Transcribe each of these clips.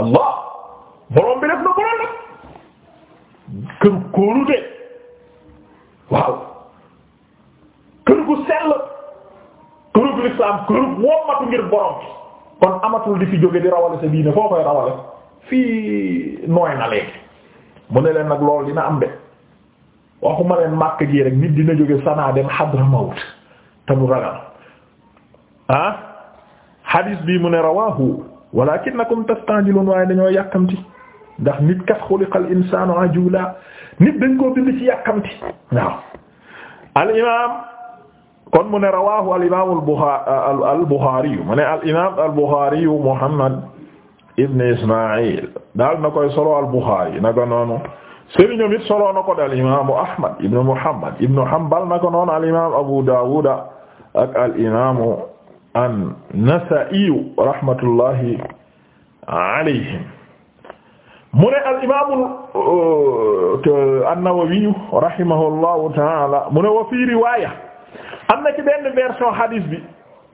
allah borom bi def na ko lool nag kër waaw kër sell kërug lislaam kërug wommatu ngir borom bi kon amatul di fi jóge di rawale sa diine foo koy rawale fii nooy na léegi mu ne leen nag lool dina am de waxuma leen màkk ji rek nit dina jóge sanaa dem Hadramawt te mu ragal ah hadis bi mu ne rawahu walaakinnakum tastajiluun waaye dañoo yàkkamti ndax nit kat xuliqal insaanu ajula nit dañ koo al imaam kon mu ne rawaahu al imaam al Buxaari al mu ne al imaam al Buxaari Muhammad ibn Ismaa'il daal na koy solo al noonu sëriñam it solo na ko de al imaamu Ahmad ibn al imaam Abu Daawuda al imaamu an nasaiyu rahmatullahi alayhim mu ne al imaamu uh, an-Nawawiyu rahimahullahu taala mu ne wa fii riwaaya am na ci benn version hadis bi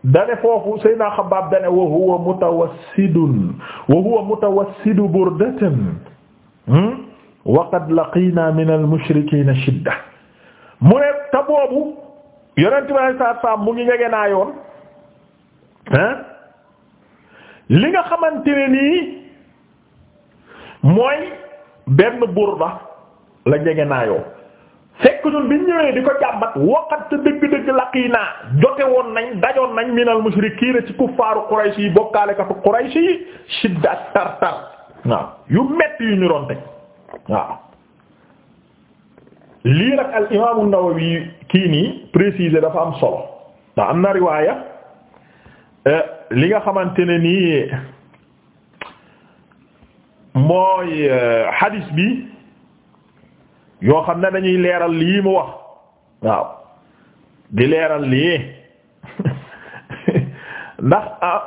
dane foofu Seydina Xabbaab dane wa huwa mutawassidun wa huwa mutawassidu burdatan hmm? wa qad laqiina min al-mushrikiina shidda mu ne ta boobu yonent bi sallallahu alayhi wa sallam mu ngi ñege naa yoon hein li nga xamante ne nii mooy benn burda la jege naayoo fekk ñun biñ ñëwee di ko jàmbat waqat dëgg-dëgg laqii naa jote woon nañ dajoon nañ minal mushrikiina ci kuffaaru Quraysh yi bokkaalekatu Quraysh yi shidda ak tar tar waaw yu metti yu ñu doon waaw lii nag al imaamu Nawawi kii nii préciser dafa am solo ndax am na riwaaya Euh, li nga xamante ne nii mooy euh, hadis bi yoo xam ne dañuy leeral lii mu wax waaw di leeral lii ndax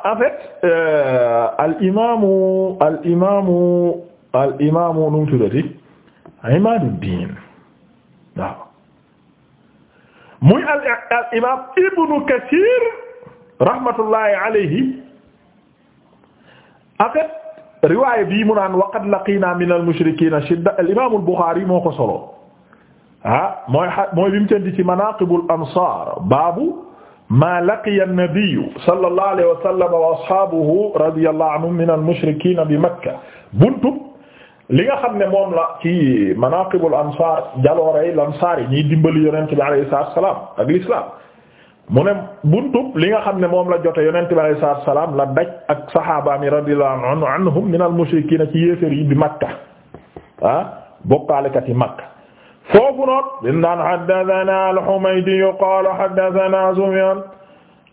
en fait euh, al imaamu al imaamu al imaamu nu mu tuddati Imaaduddin waaw muy al al Ibnu Kathir rahmatullahi alayhi en fait riwaay bii mu naan waqad laqina min al mushrikiina shidda al imaam al Buxaari moo ko solo ah mooy mooy bi mu tënk ci manaaqibul ansaar baabu maa laqiya an-nabiyyu sallallahu alayhi wa sallam wa ashaabuhu radiyallahu anhum min al mushrikiina bi Makka buntu li nga xam ne moom la ci manaaqibul ansaar jaloorey lansaar yi ñiy dimbali yonent bi alayhi salaam ak l'islam mu ne buntub li nga xam ne moom la jote yonent bi alayhi salaatu wa salaam la daj ak saxaabaam yi radiyallahu anhum minal mushrikiina ci yéeféer yi bi Makka ah bokkaalekat yi Makka foofu noonu din daan haddathanaa al-Humaydi qaala haddathanaa Sufyaan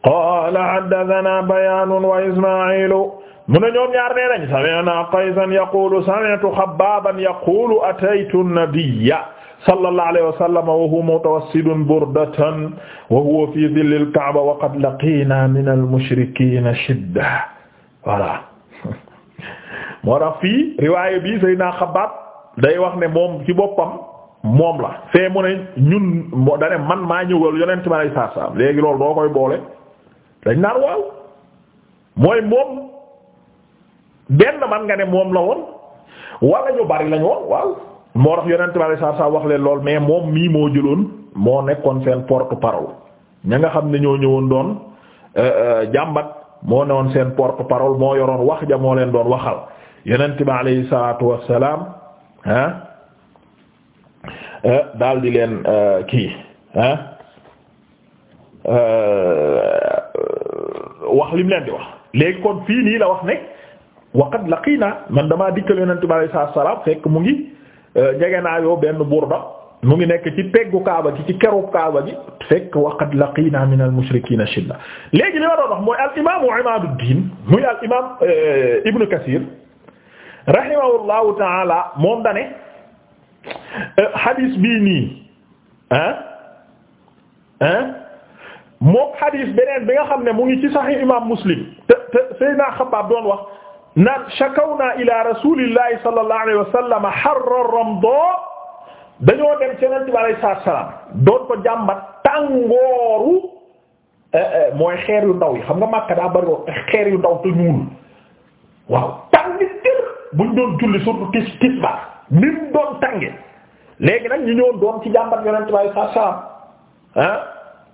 qaala haddathanaa Bayaanun wa Ismaa'iilu mu ne ñoom ñaar nee nañ sami'naa Qaysan yaquulu sami'tu Xabbaaban yaquulu ataytu an-nabiyya sallallahu alayhi wa sallam wa huwa mutawassidun burdatan wa huwa fi dhillil ka'ba wa qad laqina min al shidda voilà moo tax fii riwaaya bi Seydina Xabbaab day wax ne moom ci boppam moom la fee mu ne ñun da man maa ñëwal yonent ma lay saa saa léegi loolu doo koy boole dañ naan waaw mooy moom benn man nga ne moom la woon wala ñu bari lañu woon waaw. moo tax yonent bi saa saa wax leen lool mais moom mii moo jëloon moo nekkoon seen porte parole ña nga xam ne ñoo ñëwoon doon euh, euh, jàmbat moo newoon seen porte parole moo yoroon wax ja moo leen doon waxal yonent bi alayhi salaatu wassalaam ah euh, daal di leen kii ah wax lim leen di wax léegi kon fii nii la wax ne la laqina man damaa dikkal yonent bi alayhi salaatu wassalaam fekk mu ngi. njegenaayoo euh, benn burda mu ngi nekk ci peggu kaaba gi ci kerub kaaba gi fekk waqad laqiina min al mushrikiina shidda léegi li ma doon wax mooy al imaamu Imaaduddin muy al imaam euh, Ibn Kathir rahimahullahu taala moom dane euh, xadis bii nii ah ah moom beneen bi nga xam ne mu ngi ci imaam Muslim te te Seydina Xabbaab wax. naan shakawna ila rasulillahi sallallahu alayhi wa sallam harra ramda dañoo dem ci yonent bi alayhi salaatu wa salaam doon ko jàmbat tàngooru eh, eh, mooy xeer yu ndaw yi nga Makka daa bari xeer yu ndaw te ñuul waaw tàng jër buñ doon julli surtout tis tis ba doon tànge léegi nag ñu ñëwoon doon ci jàmbat yonent bi alayhi salaatu wa salaam ah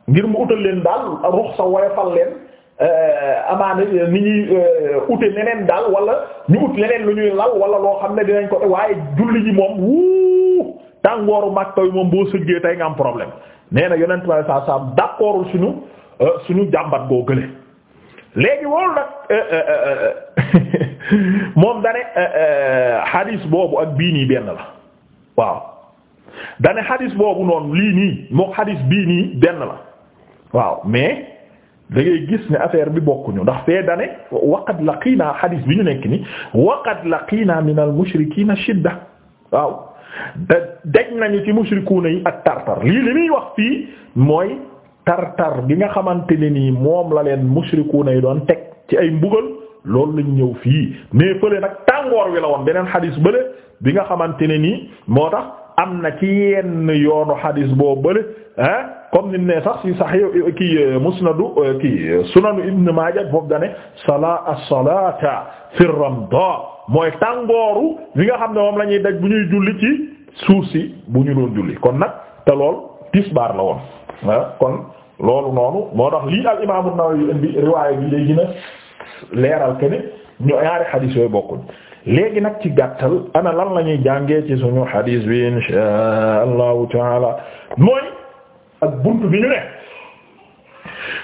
ngir mu utal leen daal ruxsa woyofal leen Euh, amaana ni ñuy euh, ute neneen daal wala ñu ut leneen lu ñuy lal wala loo xam ne dinañ ko waaye julli ji moom wuu tàngooru mag yu moom boo sëggee tey nga am problème nee na yonent bi saa saa d'accordul suñu euh, suñu jàmbat goo gële léegi loolu nag moom dane hadis boobu ak bii nii benn la waaw dane hadis boobu noonu lii nii mook hadis bii nii benn la waaw mais. da gis ne affaire bi bokkuñu ndax fee dane waqad laqiinaa xadiis bi ñu nekk ni waqad laqiinaa min al mushrikiina shidda waaw da daj nañu ci mushrikuuna yi ak tartar lii li muy wax fii mooy tar tar gi nga xamante ne nii moom la leen mushrikuuna yi doon teg ci ay mbugal loolu lañ ñëw fii mais fële nag tàngoor wi la woon beneen xadiis bële bi nga xamante ne nii moo tax am na ci yenn yoonu xadiis boo bële ah comme ni ne sax ci sahih kii euh, musnadu euh, kii euh, sunanu ibn Maaja foofu dane sala as-salata fi ramda mooy tàngooru li nga xam ne moom la ñuy daj bu ñuy julli ci suuf si bu ñu doon julli kon nag te lool tisbaar la woon kon loolu noonu moo tax lii al imaamu Nawawi indi riwaaya bi léegi na leeral ke ne ñu ñaari xadiis yooyu bokkuñ léegi nag ci gàttal ana lan la ñuy jàngee ci suñu xadiis bi insha allahu taala mooy ak buntu bi ñu ne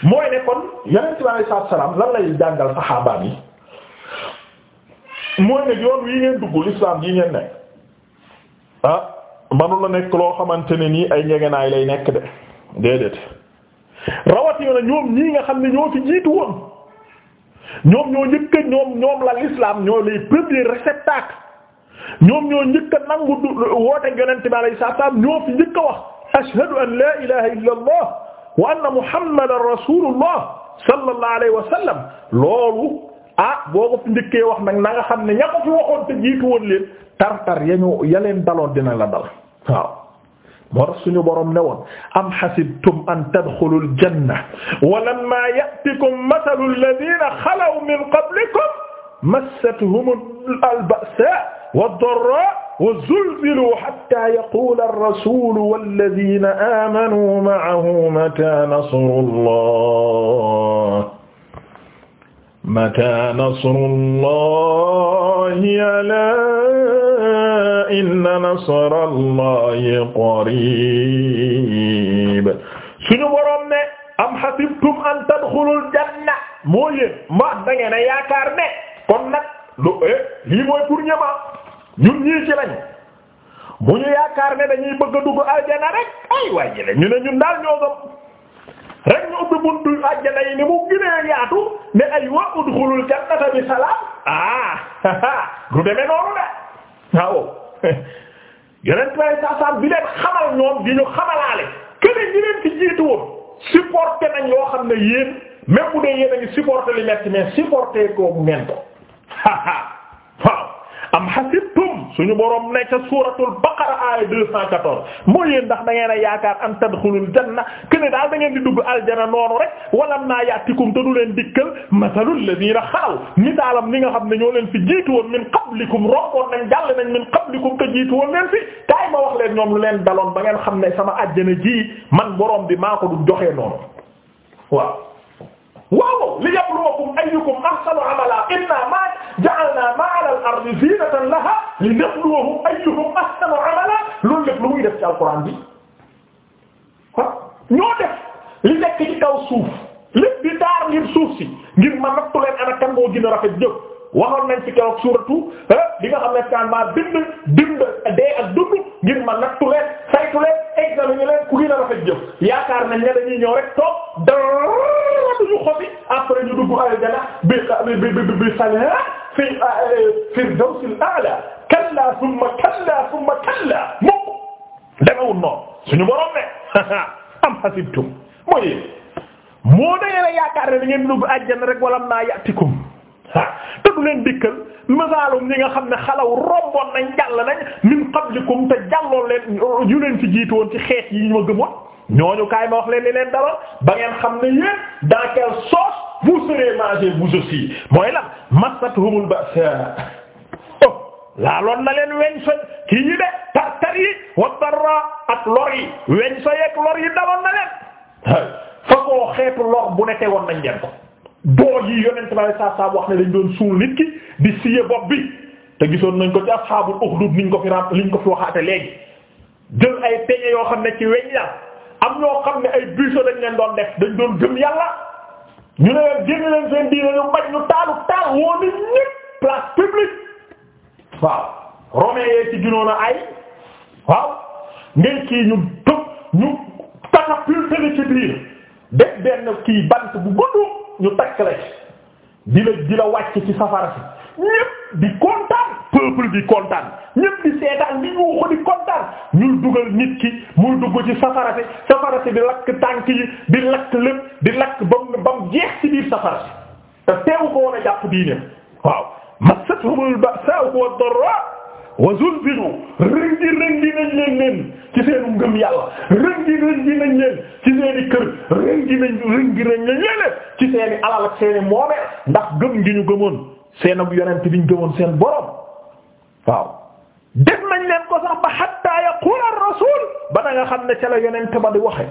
mooy ne kon yonent bi alayhi salaatu salaam lan lay yi mooy ne yoon wi ngeen dugg lislaam yi ngeen nekk ah manu nekk loo xamante ne nii ay njegenaay lay nekk de déedéet rawatina ñoom ñii nga xam ne ñoo fi jiitu woon ñoom ñoo njëkk a ñoom ñoom la l'islam ñoo les premiers ñoom ñoo njëkk nangu woote yonent bi alayhi salaatu salaam ñoo fi njëkk wax. ashhadu an la ilaha illa allah wa anna muhammadan rasulullah sallallahu alayhi wa sallam loolu ah boo ko fi njëkkee wax nag na nga xam ne ña ko fi waxoon te jiitu woon leen tartar yañu ya leen daloon dina la dal waaw moo tax suñu borom ne woon am xasibtum an tadxulu aljanna wa lamma ya'tikum mathalu alladhina xalaw min qablikum massatuhum alba'sa wad-darra wa zulzilu hatta yaqula ar-rasulu walladhina amanu ma'ahu mata nasrullah mata nasrullahi ala inna nasrallahi qarib suñu boroom ne am hasibtum an tadkhulul janna moo yéen ma da ngeen a yaakaar ne kon nag lu lii mooy pour ñëma ñun ñii ci lañ bu ñu yaakaar ne dañuy bëgg a dugg aljana rek ay waay jële ñu ne ñun daal ñoo gëm rek ñu ubbi buntu aljana yi ni mu ginee yaatu ne ay wa udxulul jannata bi salaam ah du deme noonu de waaw yeneen tray sasam bi leen xamal ñoom di ñu xamalaale kene ñi leen ci jiitu woon supporté nañ yoo xam ne yéen même bu dee yéen a ngi supporté li metti mais supporté koobu ngeen ko am hasibtum suñu borom ne ca suuratul baqara aaya 214 mooy yéen ndax da ngeen a yaakaar an tadxulul janna kene daal da ngeen di dugg aljana noonu rek wala naa yaatikum te du leen dikkal masalul ladina xalaw misaalam ni nga xam ne ñoo leen fi jiitu woon min qablikum romboon nañ jàll nañ min qablikum ko jiitu woon leen fi kaay ma wax leen ñoom lu leen daloon ba ngeen xam ne sama àjjana ji man boroom bi maa ko du joxee noonu waaw waaw liyabluwakum ayyukum ahsanu amala inna ma ja'alna ma 'ala al-ardi zinatan laha linabluwahum ayyuhum ahsanu amala loolu lépp lu muy def ci alquran bi ah ñoo def li nekk ci kaw suuf lépp di daar ngir suuf si ngir ma nattu leen ana kan moo gën a rafet jëf waxoon nañ ci keroog suratu li ah, nga xam ne kan maa bind bind dee ak dund ngir ma nattu leen saytu leen examiner leen ku gën a rafet jëf yaakaar nañ ne dañuy ñëw rek toog dara duñu xobi après ñu dugg aljana bi bi bi bi sala ah, fi ah, eh, fi dawsil a'la kalla thumma kalla thumma kalla mukk demewul noonu suñu borom ne am hasibtum mooy moo dayela yaakaar ne da ngeen dugg aljana rek walam naa yatikum te du leen dikkal misaalum ñi nga xam ne xalaw romboon nañ jàll nañ min qablikum te jàlloon leen ñu leen ci jiitu woon ci xeet yi ñu ma gëmoon ñooñu kaay ma wax leen leen dara ba ngeen xam oh, na leen so kii yi de tartar yi wa darra ak lor yi weñ so yeeg lor yi daloon na leen fa xeetu lor bu nekkee woon nañ leen ko doo yi yonent ba saa saa wax ne dañ doon suul nit ki di siye bopp bi te gisoon nañ ko ci asxaabul uxdud niñ ko fi ram liñ ko fi waxaate léegi jël ay peñe yoo xam ne ci weñ la am ñoo xam ne ay buisson dañ leen doon def dañ doon jëm yàlla ñu ne leen génn leen seen diine ñu bañ ñu taalu taal woo nit ñépp place publique waaw romain yee ci ginoon a ay waaw ngay kii ñu tëb ñu catapulte ci biir def benn kii bant bu gudd ñu takk la di la di la wàcc ci safara si ñépp di kontaan peuple bi kontaan ñépp di seetaan di ñu ko kontaan ñuy dugal nit ki muy dugg ci safara si safara si di lakk tànk yi di lakk lépp di lakk bam bam jeex ci biir safara si te teewu ko woon a jàpp diine waaw massatuhumul ba'sa'u wad-darra'u wa zulzilu rëngi rëngi nañ leen leen ci seenu ngëm yàlla rëngi rëngi nañ leen ci seeni kër rëngi nañ ci seeni alal ak seeni moomeel ndax gëm ngi ñu gëmoon seen ab yonent bi ñu gëmoon seen borom waaw def nañ ko sax ba hatta yaqula ar-rasul ba nga xam ne ca la yonent ba di waxe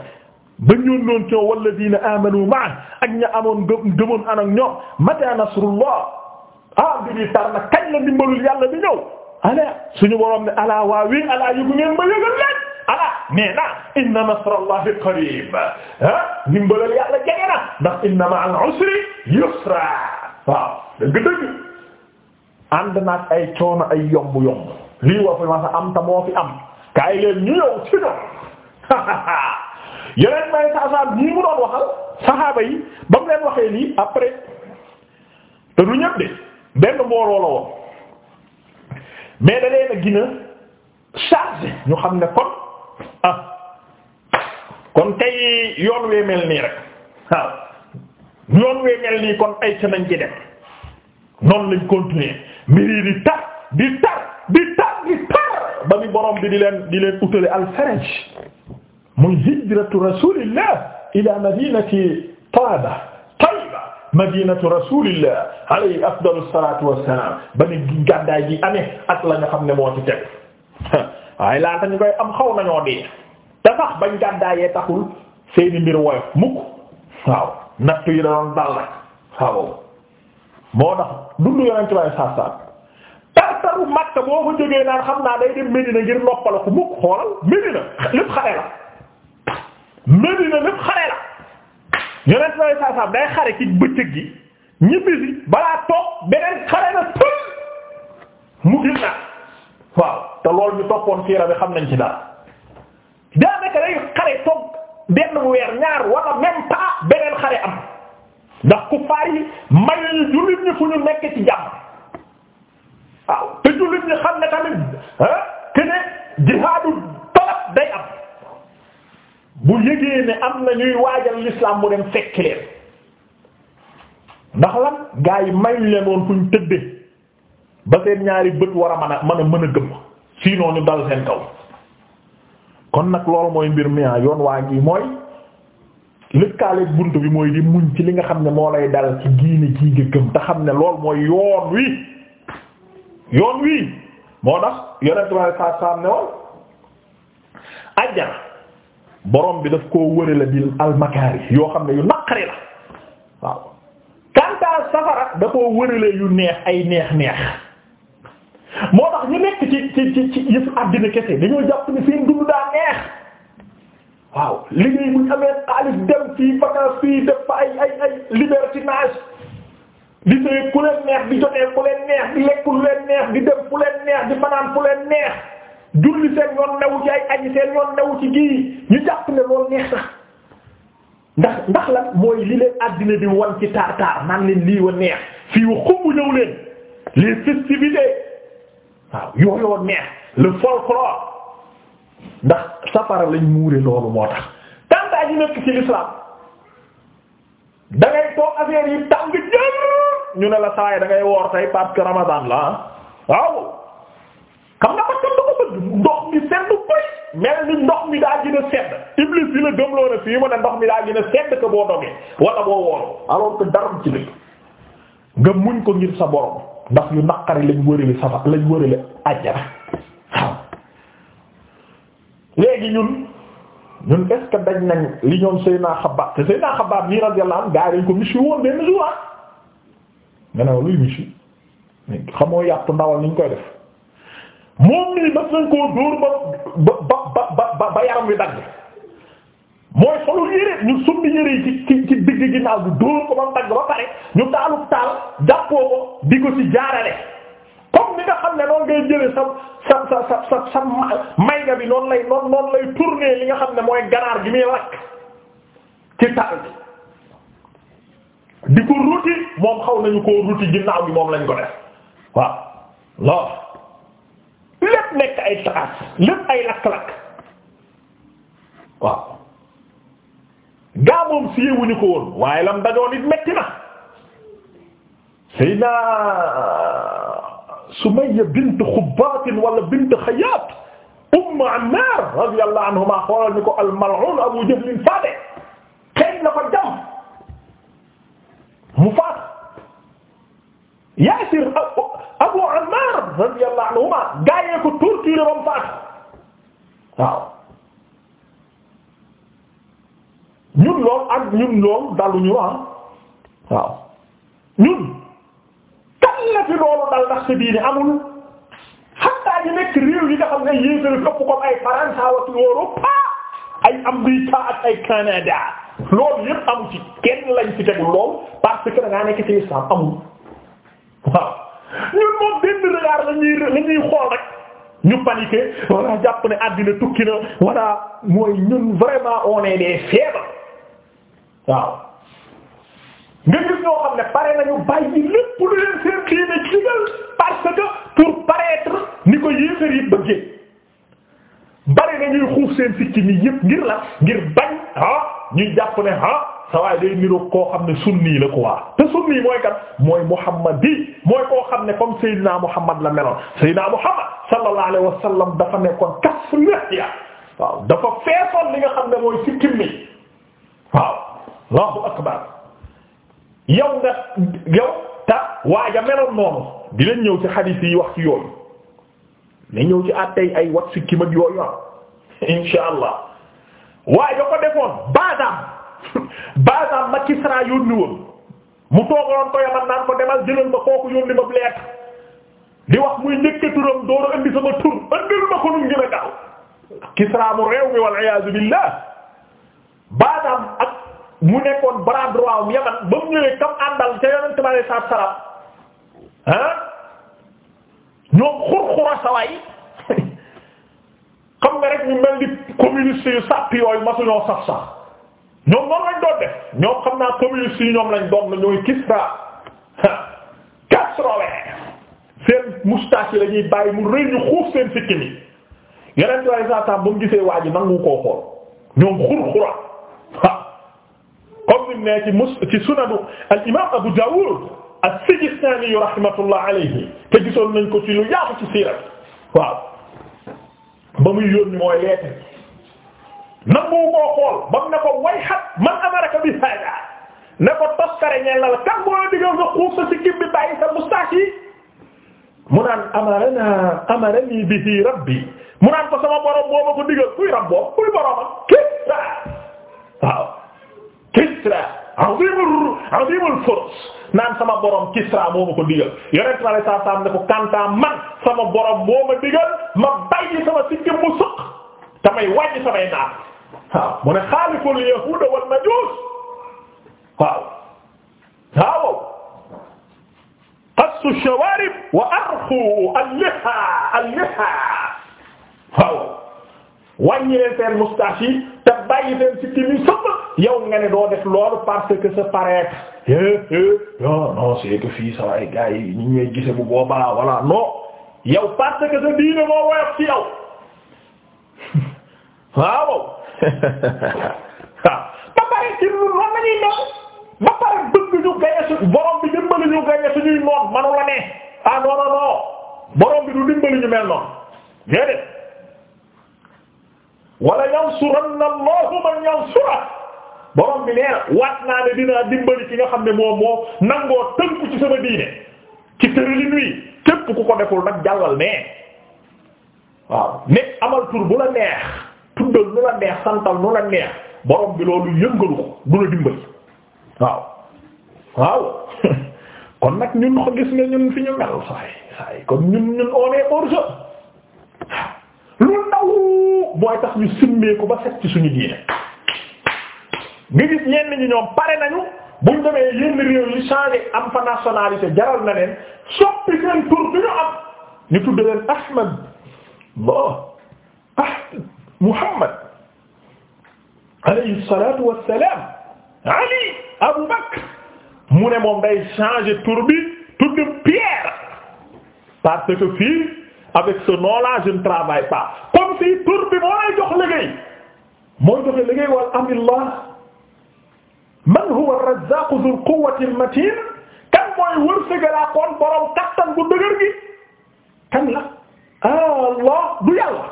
ba ñoon noon coow walladina amanu ma'a ak ña amoon gëmoon an ak ñoom mata nasrullah ah bi tar na kañ la dimbalul yàlla bi ñëw ala suñu borom ne ala waawi ala yëgu ngeen ma yëgal leen ala nee na inna nasrallahi qarib ah yusra waaw dëgg ay coono ay yomb-yomb lii wa fi am ta am kaay leen ñu yow ci ñoom yeneen may saasaam ñii mu doon waxal saxaaba yi ba mu leen lii après te du benn mbooloo la woon mais da leen a gën ñu xam ne kon ah, kon tey yoon wee mel nii rek waaw yoon wee mel nii kon ay ca nañ ci dem noonu lañ continuer mbiri di tar di tar di tar di tar ba mi borom bi di leen di leen utale alfaraj muy hijratu rasulillah ila madinati Taaba madinatu rasulillah alayhi afdalu salatu wassalam ba ni gàddaay gi amee ak la xam ne moo ci teg waaye laata ñu koy am xaw nañoo dee te sax bañ gàddaayee taxul seeni mbir woyof mukk waaw nattu yi da doon rek waaw moo tax dundu yonent baay saar saar tartaru Makka boo ko jógee naan xam naa day dem Medina ngir noppala ko mukk xoolal Medina lépp xare la Medina lépp xare la yonent bi sallallahu alayhi day xare ci bëccëg gi ñibbisi balaa toog beneen xare na pël mu gën na waaw te loolu ñu toppoon siira bi xam nañ ci dara daanaka day xare toog benn weer ñaar wala même pas beneen xare am ndax ku faay mayul jullit ñi fu ñu nekk ci jàmm waaw te jullit ñi xam ne tamit ah jihaadu talab day am. bu yëgee ne am na ñuy waajal l'islam mu dem fekki leen ndax lan gaa yi mayuñ leen woon fuñ tëdde ba seen ñaari bët war a mën a mën a mën a gëm ñu dal seen kaw kon nag lool mooy mbir mi ah, yoon waa ngi mooy lëkkaaleeg bunt bi mooy di muñ ci li nga xam ne moo lay dal ci diine jii nga gëm te xam ne loolu mooy yoon wi yoon wi moo tax yonent bi sallallahu alayhi wasallam ne woon ajjana borom bi daf koo wërale bil almakaari yoo xam ne yu naqari la waaw kantaa safara da koo wërale yu neex ay neex neex moo tax ñu nekk ci ci ci ci yëfu àddina kese dañoo jàpp ni du dund daa neex waaw liggéey bu ñu amee xaalis dem fii vacances fii def fa ay ay ay libertinage di sëy ku leen neex di jotee ku leen neex di lekk ku leen neex di dem fu leen neex julli seen yoon newu ci ay aji seen yoon newu ci gii ñu jàpp ne loolu neex na ndax ndax la mooy li leen àddina bi wan ci taar taar naan leen lii wa neex fii wa xumb ñëw leen les festivités waaw yooyoo neex le folklore ndax safara lañ muure loolu moo tax tàntaa yi nekk ci l'islam da ngay toog affaire yi tàng jël ñu ne la sawaay da ngay woor tey parce que la ah waaw mel ni ndox mi daa gën a sedd iblis bi la gëmloo na fii mu ne ndox mi daa gën a sedd ko boo dogee wala boo woolu alors que daram ci nekk nga muñ ko ngir sa borom ndax yu naqari lañ wërale safa lañ wërale àjjana waaw léegi ñun ñun est ce que dañ nañ li ñoom Seydina Xabbaab te Seydina Xabbaab nii radiyallahu anhu gaa yi dañ ko michu woon benn jour ah. nga ne luy michu xamoo yàpp ndawal niñ koy def moom nii mas nañ koo dóor ba ba ba ba ba yaram wi dagg mooy solu yére ñu summi yére yi ci ci digg ginnaaw bi dóor ko ba mu dagg ba pare ñu taalu taal jàppoo ko di ko ci jaarale comme ni nga xam ne noonu ngay jële sa sa sa sa bi noonu lay noonu noonu lay li nga xam ne mooy ganaar gi muy lakk ci taal bi di ko ruuti moom xaw nañu koo ruuti ginnaaw bi moom lañ ko def waaw lool lépp nekk ay saxaas lépp ay lakk-lakk waaw gaa moom siyewuñu ko woon waaye lam dajoon it metti na Seydina Sumayya bint Xubaat wala bint Xayaat Umm Ammaar radiyallahu anhuma xoolal ni ko al-mal'un Abu Jahl faate xeeñ na ko jam mu faat Yaasir Abu Ammaar radiyallahu anhuma gaayee ko torturé ba mu faatu waaw ñun lool ak ñun lool daluñu ah waaw ñun kan la fi loolu dal ndax ci amul xataa ñu nekk réew yi nga xam ne yéegal topp comme ay France ak Europe ah. ay Amérique ak ay Canada loolu yépp amu ci kenn lañ lool parce que da ngaa nekk islam amul ñun moom benn regard la ñuy la ñuy rek ñu paniqué wala jàpp ne àddina tukki na wala mooy ñun vraiment on est des faibles waaw. nga gis ñoo xam ne pare nañu bàyyi lépp lu leen seen diine digal parce que pour paraître ni ko yéefar yi bëggee bari na ñuy xuuf seen sikki ni yëpp ngir la ngir bañ ah ñuy jàpp ne ah. sa day niroog koo xam ne sunni la quoi te sunni mooy kat mooy Muhammad bi mooy koo xam ne comme Seydina Muhammad la melo Seydina Muhammad sallallahu alayhi wa sallam dafa nekkoon kas lexya waaw dafa feesoon li nga xam ne mooy sikkim mi waaw Allahu akbar yow nga yow ta waaja meloon noonu di leen ñëw ci xadiis yi wax ci yooyu ne ñëw ci àttey ay wat sikkim ak yooyu ah. insha allah waaja ko defoon baadaam baasam ba Kisra yónni woon mu toogoon ko yaman naan ko demal jëlal ma kooku yónni ma bleet di wax muy njëkk turam door a indi sama tur andil ma ko nu gën a gaaw Kisra réew mi wal iyaazu billah baasam mu nekkoon bras droit am yaman ba mu ñëwee kam àndal ca yonent ma lay saab sarab ah ñoom xurxura sawaay xam nga rek ñu mel ni communiste yu sàpp yooyu masuñoo saf ñoom noonu lañ ñoom xam naa communiste yi ñoom lañ doon ñooy Kisra quatre-vingts seen moustache yi la ñuy bàyyi mu rëy ñu xuuf seen sikkim yi yeneen trois cent cent ba mu gisee waa ji nangu koo xool ñoom xurxura comme ni mu ne ci mus ci al imaam Abu Dawud as te gisoon nañ ko ci lu yaatu ci siira waaw ba muy yónni mooy lettre. nangu koo xool ba mu ne ko way xat man amaraka bi hada ne ko toskare ñeel na la kan mooy digal nga xuuf sa si gib bi bàyyi sa moustache yi mu naan amarana amarani bihi rabbi mu naan ko sama borom booba ko digal kuy rabbo kuy boroma Kisra waaw Kisra azimul azimul furs naan sama borom Kisra moo ma ko digal yonent bi alayhi salaam ne ko kanta man sama borom moo ma digal ma bàyyi sama sikkim mu suq damay wàññi samay naat waaw mu ne xaaliful yahuud wan najuus wa arxu al-lihaa al-lihaa waaw wàññi leen seen moustache te bàyyi seen sikki mi sëpp yow nga ne doo def loolu parce que c'est paraître non non c'est que fii sax ay gars yi ñu ñuy gise bu boobaa voilà non yow parce que sa diine moo woyof ci yow waaw ba pare ci lu loolu la ñuy ñëw ba pare bëgg ñu gañe su borom bi dimbali ñu gañe suñuy noon manu la ne ah non non non borom bi du dimbali ñu mel noonu déedéet wala yansuranna Allahu man yansurah borom bi nee na waat naa ne dinaa dimbali ki nga xam ne moom moo nangoo tënku ci sama diine ci tërëlin wi képp ku ko deful nag jàllal nee waaw nekk amal tur bu la neex. tuddal nu la neex santal nu la neex borom bi loolu yëngalu ko du la dimbali waaw waaw kon nag ñun ko gis nga ñun fi ñu mel saay saay kon ñun ñun on est hors lu ndaw mooy tax ñu simmee ba set ci suñu diine nga gis ñenn ñi ñoom pare nañu buñ demee yenn réew yi changé am fa nationalité jaral na leen soppi seen tur bi am ñu tudd Ahmad bon Muhammad alayhi salaatu wa salaam Ali Abu Bakr mu ne moom day changer tur bi tudd Pierre parce que fii avec ce nom-là je ne travaille pas comme si tur bi moo lay jox liggéey moo joxe liggéey wal amillah man huwa ar-Razzaaq dhul quwwati al-matin kan mooy wërsëgalaa koon borom kattan bu dëgër gi kan la ah, Allah du yàlla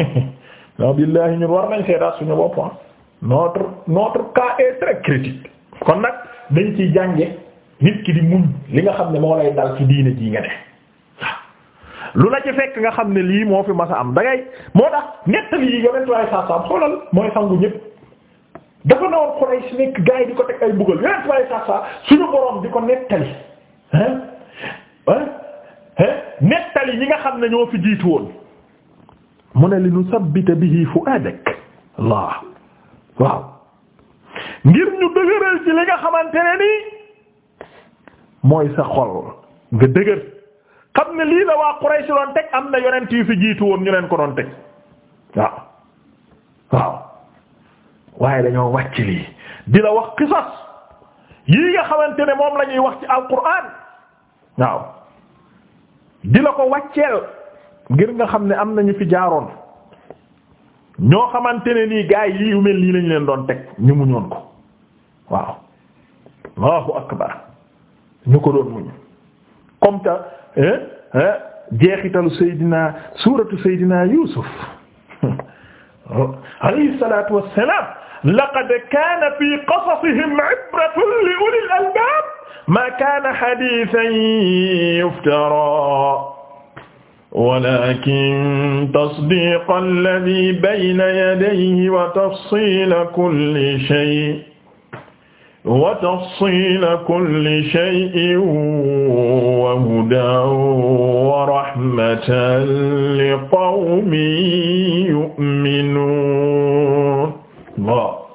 non billahi ñun war nañ seetaat suñu bopp ah notre notre cas est critique kon nag dañ ciy jànge nit ki di muñ li nga xam ne moo lay dal ci diine jii nga ne lu na ci fekk nga xam ne lii moo fi mas a am da moo tax nettali yi yonentu Yàlla saa saam xoolal mooy sangu ñépp dafa newoon Quraysh nekk gars yi di ko teg ay buggal yonentu saa saa suñu borom di ko nettali hein hein nettali ñi nga xam ne ñoo fi jiitu woon mu ne li nusabbita bihi fu'aadak Allah waaw ngir ñu dëgëral ci li nga xamante ne nii mooy sa xol nga dëgër xam ne lii la waa Quraysh doon teg am na yonent yu fi jiitu woon ñu leen ko doon teg waaw waaw waaye dañoo wàcc lii di la wax qisas yii nga xamante ne moom lañuy wax ci alquran waaw di la ko wàcceel ngir nga xam ne am nañu fi jaaroon ñoo xamante ne nii gaa yi yu mel nii lañ leen doon teg ñu muñoon ko waaw allahu akbar ñu ko doon muñ comme ta jeexitalu seydina suuratu seydina yuusuf alayhi salaatu wassalaam laqad kaana fi qasasihim ibratun li ulil albaab ma kaana hadiisan yuftaraa walakin tasdiqa alladi bayna yadayhi wa tafsila kulli shay wa tafsila kulli shay'in wa hudan wa rahmatan liqawmin yu'minuun waaw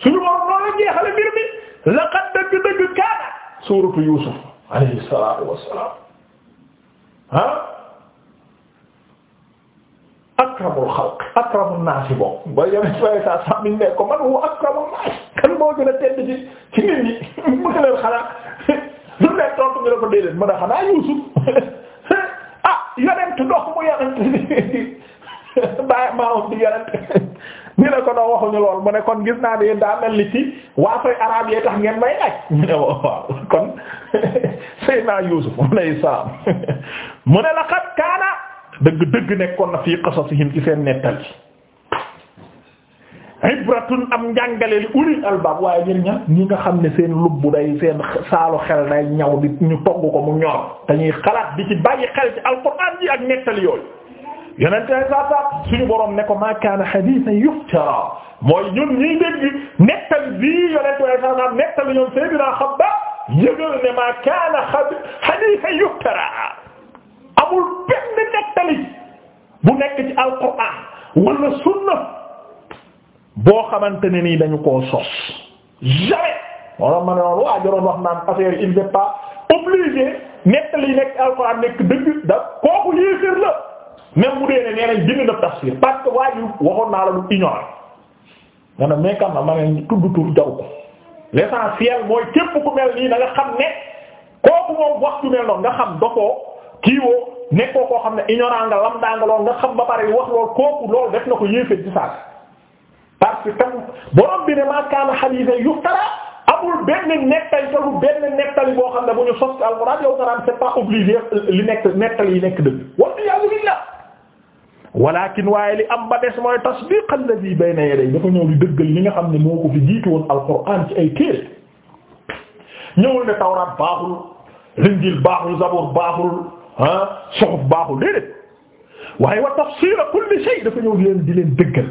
suñu war noonu jeexale mbir mi laqad dëgg-dëgg kaana suuratu Yuusuf alayhi salaatu wassalaam akramul xalq akramun naas bokk ba yeneen sooy saa saa mi ne ko man wu akramun naas kan moo gën a tedd ci ci nit ñi mu ngi leen xanaa lu ne tontu ñu la ko déedéet mën a xanaa Yuusuf ah yonent dox mu yonent bàyyi maamam di yonent ni ne ko noo waxuñu lool mu ne kon gis naa ne daa mel ni ci waa araab yee tax ngeen may laaj mu ne waaw kon Seydina Yuusuf mu ne mu ne laqad kaana dëgg dëgg nekkoon na fii qasasihim ci seen nettali ibratun am njàngale li ulil albab waaye ñun ña ñi nga xam ne seen lubb day seen saalu xel day ñaw ñu togg ko mu ñor dañuy xalaat di ci bàyyi xel ci alquran ji ak nettali yooyu yeneen ay saasab suñu borom ne ko ma kaana hadithan yuftara mooy ñun ñuy dégg nettali bii yonentu ay saasab nettali ñoom Seydina Xabba yëgal ne ma kaana hadithan yuftara nettali bu nekk ci alquran wala sunna boo xamante ne nii dañu koo sos jamais wala ma ne waa joroon wax naan affaire il n'est pas obligé nettali nekk alquran nekk dëgg da kooku yéeféer la même bu dee ne nee nañ na tafsir parce que waa ji waxoon naa la lu ignoré nga ne mais kam na ma ne tudd tur jaw ko l'essentiel mooy képp ku mel nii da nga xam ne kooku moom wax ju mel noonu nga xam dofoo kiiwoo nekkoo koo xam ne ignorant nga lam daa nga lool nga xam kooku loolu def na ko yéefee ci saak parce que tam borom bi ne maa kaana hadithan yuftara amul benn nettali te lu benn nettali boo xam ne bu ñu sos alxuraan yow nga naan c'est pas obligé li nekk nettali yi nekk dëgg wala yàlla liñ la. walakin waaye li am ba des mooy tasdiq alladhi bayna yaday dafa ñëw di dëggal li nga xam ne moo ko fi jiitu woon alxuraan ci ay téere ñëwul ne tawraat baaxul linjil baaxul zabur baaxul. ah soxof baaxul déedéet waaye wa tafsila kulli shay dafa ñëw di leen di leen dëggal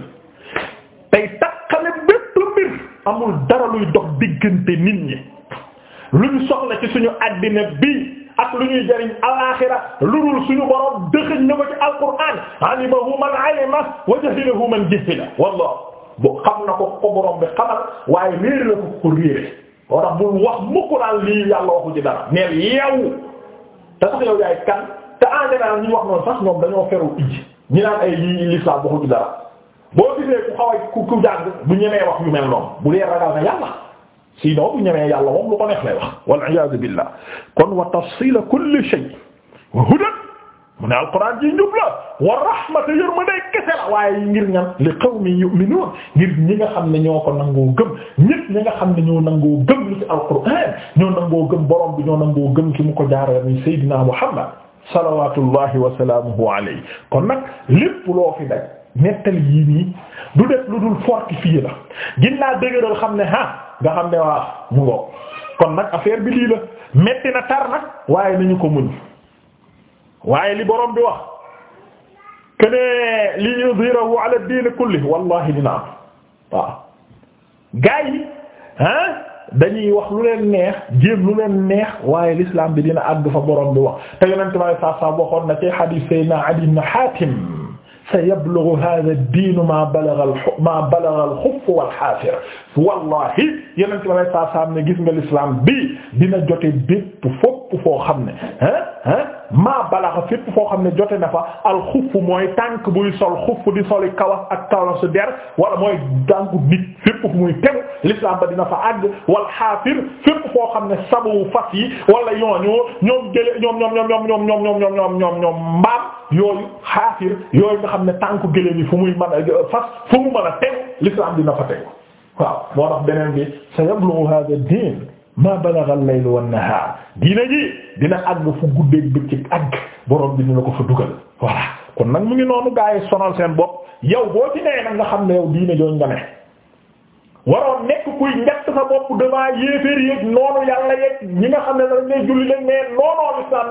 tey takkale bépp mbir amul dara luy dox diggante nit ñi lu ñu soxla ci suñu àddina ak lu ñuy jariñ alaaxira lu dul suñu borom dëxëñ na ko ci alquraan alimahu man alima wa jahilahu man jahila wallah boo xam na ko ko bi xamal waaye réer la ko ko réere woo tax bul wax mukk daal lii yàlla waxu ci dara neel yeewu te sax yow yaay kan te en général ñu wax noonu sax ñoom dañoo feru ij ñi naan ay lii l'islam waxu ci dara boo gisee ku xaw a ku ku jàng bu ñemee wax yu mel noonu bu dee ragal na yàlla sinon bu ñemee yàlla moom lu ko neex lay wax wal iyaazu billah kon wa tafsiila kulli shay hudan mu ne alquran ji njub la wa rahmata yërmande kese la waaye ngir ñan li qawmin yu'minun ngir ñi nga xam ne ñoo ko nangoo gëm ñépp ñi nga xam ne ñoo nangoo gëm li ci alquran ñoo nangoo gëm borom bi ñoo nangoo gëm ki mu ko jaarale ni Seydina Muhammad salawatullahi wa salaamuhu kon nag lépp loo fi daj nettali yii nii du def lu dul fortifié la ginnaaw dëgëral xam ne ah nga xam ne waa mu ngoog kon nag affaire bi lii la metti na tar nag waaye nañu ko muñ waaye li borom bi wax kene li yudhirahu ala diin kulli wallahi dina am waaw gars yi ah dañuy wax lu leen neex jéem lu leen neex waaye l'islam bi dina àgg fa borom bi wax te yonente bi alei sat selaam waxoon na ci hadith sayna Adi ibn Hatim sa yablughu hadha ad-din ma balagha ma balagha al-khuff wal-hasir wallahi yonente bi alei sat selaam ne gis nga l'islam bi dina jote bépp fopp foo xam ne ah ah maa balaxa fépp foo xam ne jote na fa alxuff mooy tànk buy sol xuff di soli kawas ak kawas su der wala mooy tànku nit fépp fu muy tegu l'islam ba dina fa àgg wal xaafir fépp foo xam ne sabu fas yi wala ñooñu ñoom jële ñoom ñoom ñoom ñoom ñoom ñoom ñoom ñoom ñoom ñoom mbaam yooyu xaafir yooyu nga xam ne tànku gëléem yi fu muy mën a fas fu mu mën a tegu l'islam dina fa tegu waaw moo tax beneen bi sa yablu hada din ma balagha al-layl wa an-nahar diina ji dina àgg fu guddeeg bëccëg àgg borom bi dina ko fa dugal voilà kon nag mu ngi noonu gaa yi sonal seen bopp yow boo ci nee nag nga xam ne yow diina jooñ nga ne waroon nekk noonu ñi nga xam ne dañ lay julli lañ ne noonoo l'islam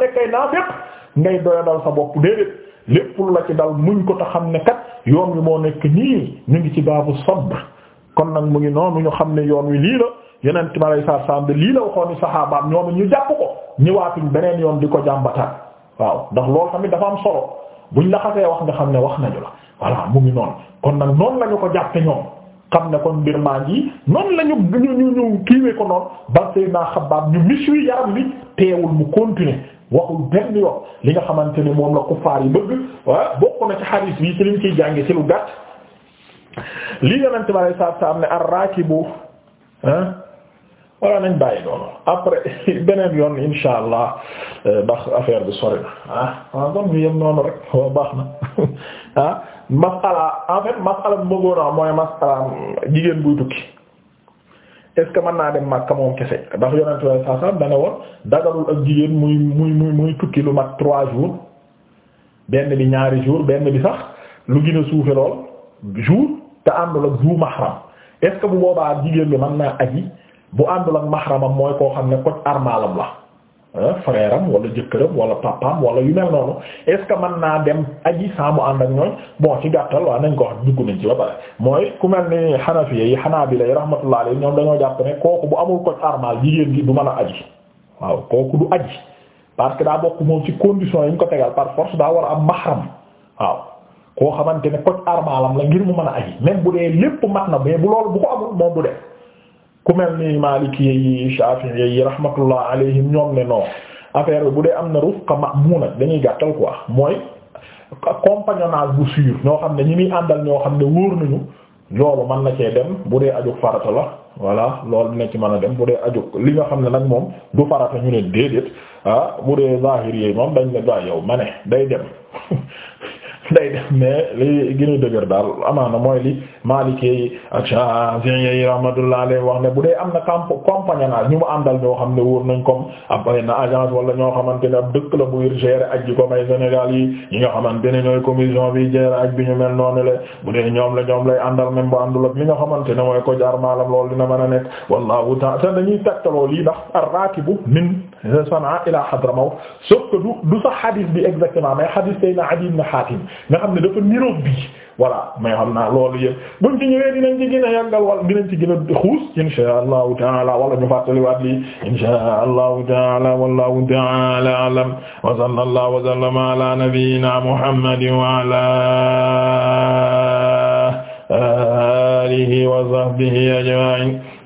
la ci dal muñ ko xam ne yoon wi moo nekk nii ñu ngi ci baabu sabr kon nag mu ngi noonu ñu xam ne yoon wi lii la yeneen ma lay saa saam lii la waxoon ni saxaabaam ñoom ñu jàpp ko ñëwaatuñ beneen yoon di ko jàmbataat waaw ndax loolu tamit dafa am solo buñ la xasee wax nga xam ne wax nañu la voilà mu ngi noonu kon nag noonu la ko jàppe ñoom xam ne kon mbir maa ngi noonu la ñu ñu ñu kiiwee ko noonu ba Seydina Xabbaab ñu miswi yaram bi teewul mu continuer waxul benn yoon li nga xamante ni moom la kuffaar yi bëgg ah bokk na ci xadiis bi ci liñ ciy jànge ci lu gàtt li yonente bi alei saatu salaam ne walla nañ bàyyi noonu après beneen yoon insha allah euh, ndax affaire bi sori na ah waaw ah, kon ñu yem noonu rek waaw oh, baax na ah masala en fait masala bu bëggoon a mooy masala jigéen buy tukki est-ce que mën naa dem Makka moom kese ndax yonentu Yàlla saa saa dana woon dagalul ak jigéen muy muy muy muy tukki lu mat trois jours benn bi ñaari jours benn bi sax lu gën a lool jour te àndul ak du mahram est bu boobaa jigéen bi man naa aji bu àndul ak mahramam mooy koo xam ne koc armalam la frère am wala jëkkëram wala papaam wala yu mel noonu est ce que mën naa dem aji saa mu ànd ak ñooy bon ci gàttal waaw nañ ko wax dugg nañ ci ba pare mooy ku mel ni xanafiya yi xanaa yi rahmatullah alayhi ñoom dañoo jàpp ne kooku bu amul koc armal jigéen gi du mën a aji waaw kooku du aji parce que daa bokk moom ci condition yi ñu ko tegal par force daa war a am mahram waaw koo xamante ne koc armalam la ngir mu mën a aji même bu dee lépp mat na mais bu loolu ku mel ni Maliki yi Shafi'i yi rahmatullah alayhim ñoom ne non affaire bu dee am na rufqa ma'muna dañuy gàttal quoi mooy compagnonnage bu sûr ñoo xam ne ñi muy àndal ñoo xam ne wóor nañu loolu man na cee dem bu dee ajug farata la voilà loolu dina ci mën a dem bu dee ajug li nga xam ne nag moom du farata ñu ne déedéet ah bu dee zahir yi moom dañ ne doy yow ma ne day dem day def mais li gën a dëgër daal amaana mooy li Maliki yi ak Shafi'i yi rahmatullah alayhi wax ne bu dee am na camp compagnonnage ñu mu àndal ñoo xam ne wóor nañ comme ab na agence wala ñoo xamante ne ab dëkk la bu gérer ak ji ko may Sénégal yi ñi nga ñooy commission bi gérer ak bi ñu mel noonu le bu dee ñoom la ñoom lay àndal même bu àndul ak li nga xamante ne mooy ko jaar maalam loolu dina mën a nekk wallahu ta'ala dañuy tàttaloo lii ndax ar-rakibu Sanaa ila Hadramaw sauf que du du sax xadis bi exactement mais xadis Seydina Adi ibn Hatim nga xam ne dafa niroog bi voilà mais xam naa loolu yëpp buñ ci ñëwee dinañ ci gën a yàggal wala dinañ ci gën a xuus insha allahu taala wala ñu fàttaliwaat lii insha allahu taala wallahu taala alam wa sallallahu wa sallama ala nabiyyina muhammadin wa ala alihi wa sahbihi ajma'in